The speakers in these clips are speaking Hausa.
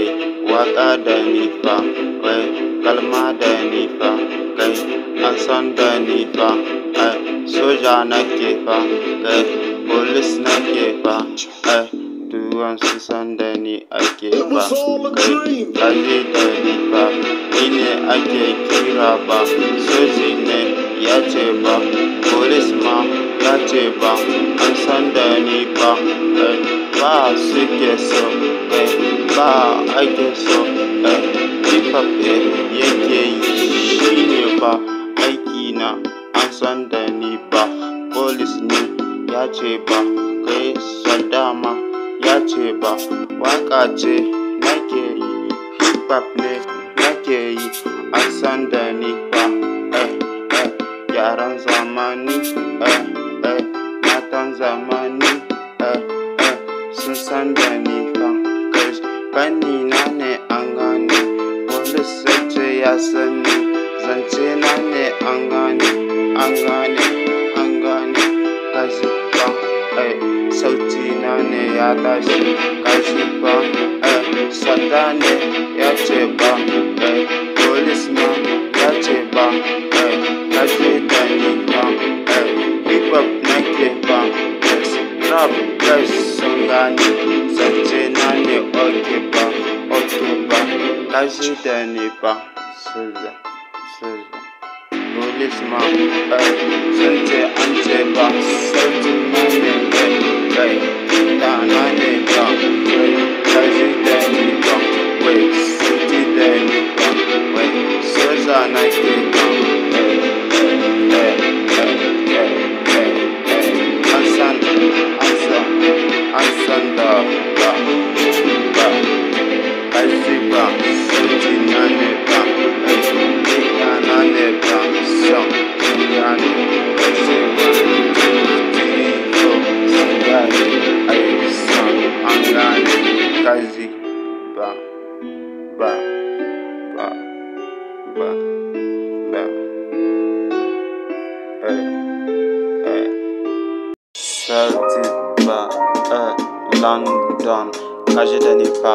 kai waƙa da nifa fa wai kalma da nifa fa kai an san da fa ai soja na fa kai polis nake fa ai duwan su san da ni ake fa kai kaje da ni fa ni ne ake kira ba soji ne ya ce ba polis ma ya ce ba an san da fa ba su ke so eh ba ake so eh hip-hop eh yake yi ne ba na an san da ni ba police ne ya ce ba kai sadama ya ce ba waka ce nake yi hip-hop ne nake yi an san da ni ba eh eh yaran zamani sannu zance na ne angani, angani, angani. gane eh, gane sauti na ne ya tashi ka zuba ai sanda ne ya eh. ba ai polis ma ya ce ba eh, ai ba ai eh, hip ke ba yes rap yes, sun gane na ne oke otuba. oke ba ka ba Sırrı, sırrı Konuşma, ey Sence, ance, bak Sırtın önünde, ey Daha majidani pa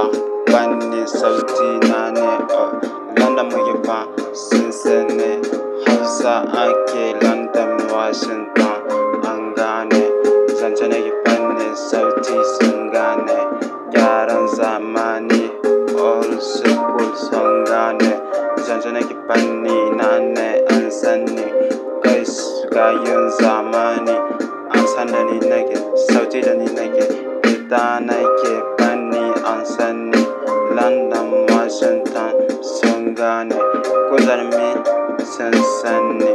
banne sauti nane o landa muyi pa sinsene hausa ake washington sauti zamani zaani ko zani sansanni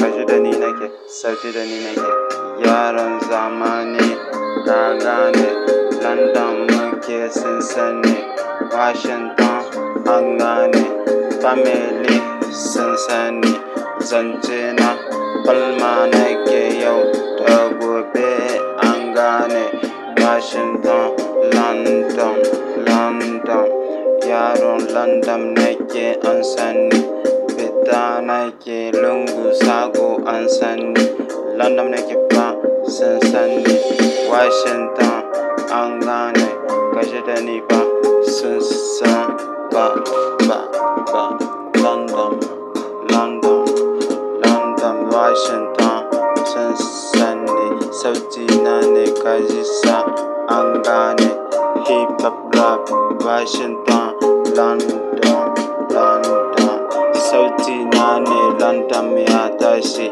kaji da ni nake sauti da ni nake yaron zamani ka gane london muke sansanni washington an gane family sansani zance na palma nake yau London nake an sani fita nake lungu sago an sani London nake fa sun sani Washington an gane kashe da ni sun san ba ba ba London London London Washington sun sani sauti na ne kaji hip hop rap Washington London, London sauti nane London ya tashi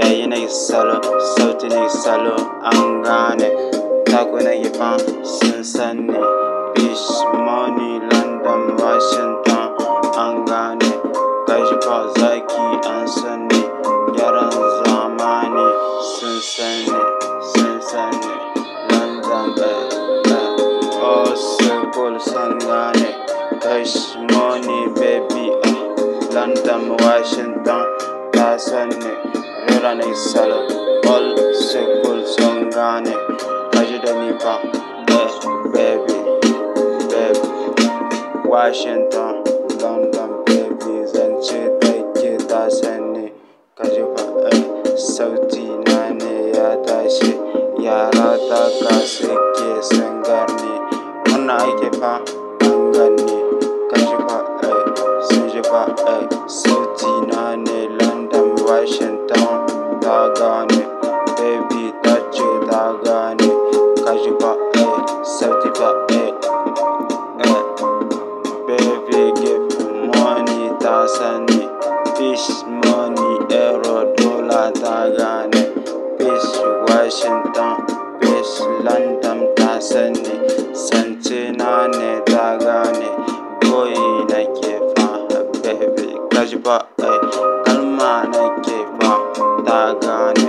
yayi na salo sauti ne salo angane, gane tako na yifan sun sanne Beach money London Washington angane, gane zaki an sanne yaran zamani sun sanne sun sanne London bai bai oh simple sun gane Kama Washington tasane rerane sala ol sekul songane ajudani pa baby baby Washington London baby zance take tasane kajuba sauti nane ya tashi yara ta kase ke sangarne wannan ake fa an kajuba sun ji fa ba e kalma na ke ba ta gane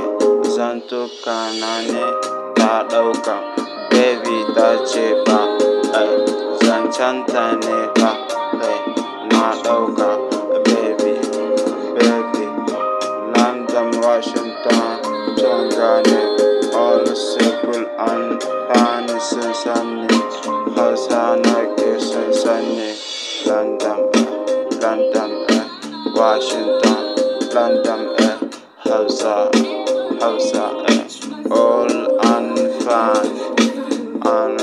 zantuka na ne ta ɗauka baby ta ce ba e zancanta ne ba e na ɗauka baby baby london washington don gane all simple and fun sun sani hausa na ke sun sani Washington, London, eh, Hausa, Hausa, eh, all unfun, unfun,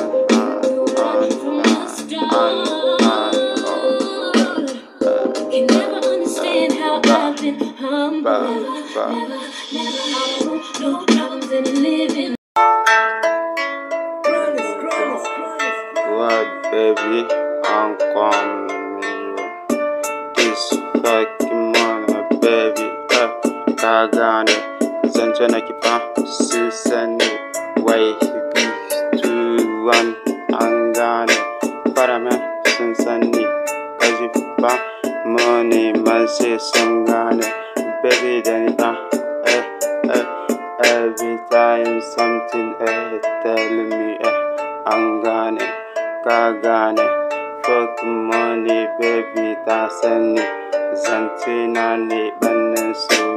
i baby? I'm coming. This fucking. Sadhani Zantwana Kipa Two, one, Angani Parama Sunsani Kajipa Mone Masi Sangani Baby Danita eh, eh, Every time something eh, tell me eh, Angani Kagani Fuck money baby Dasani Zantinani Banansu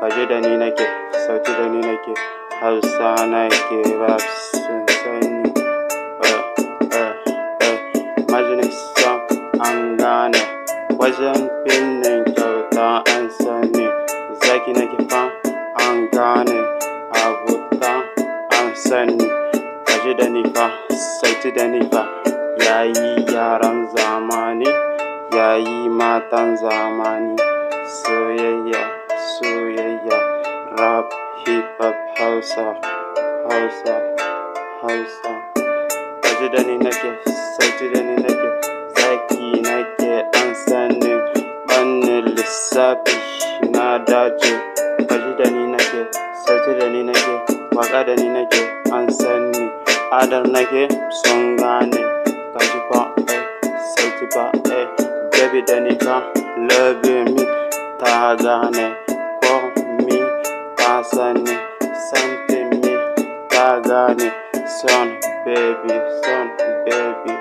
kaje da ni nake sauti da ni nake hausa nake rap sun sani eh, eh, eh. majalisa an gane wajen binnin kyauta an sani zaki nake fa an gane abuta an sani kaje da ni fa sauti da ni fa yayi yaran zamani yayi matan zamani soyayya soyayya rap, hip hop, hausa, hausa, hausa. Saji da ni nake, sauti da ni nake, zaki nake an sani banni lissafi na dace. Saji da ni nake, sauti da ni nake, waka da ni nake an sani. Adar nake sun gane, kaji fa eh, sauti ba eh, baby da ni ka love me ta gane. Hasani, me, Tagani, son, baby, son, baby.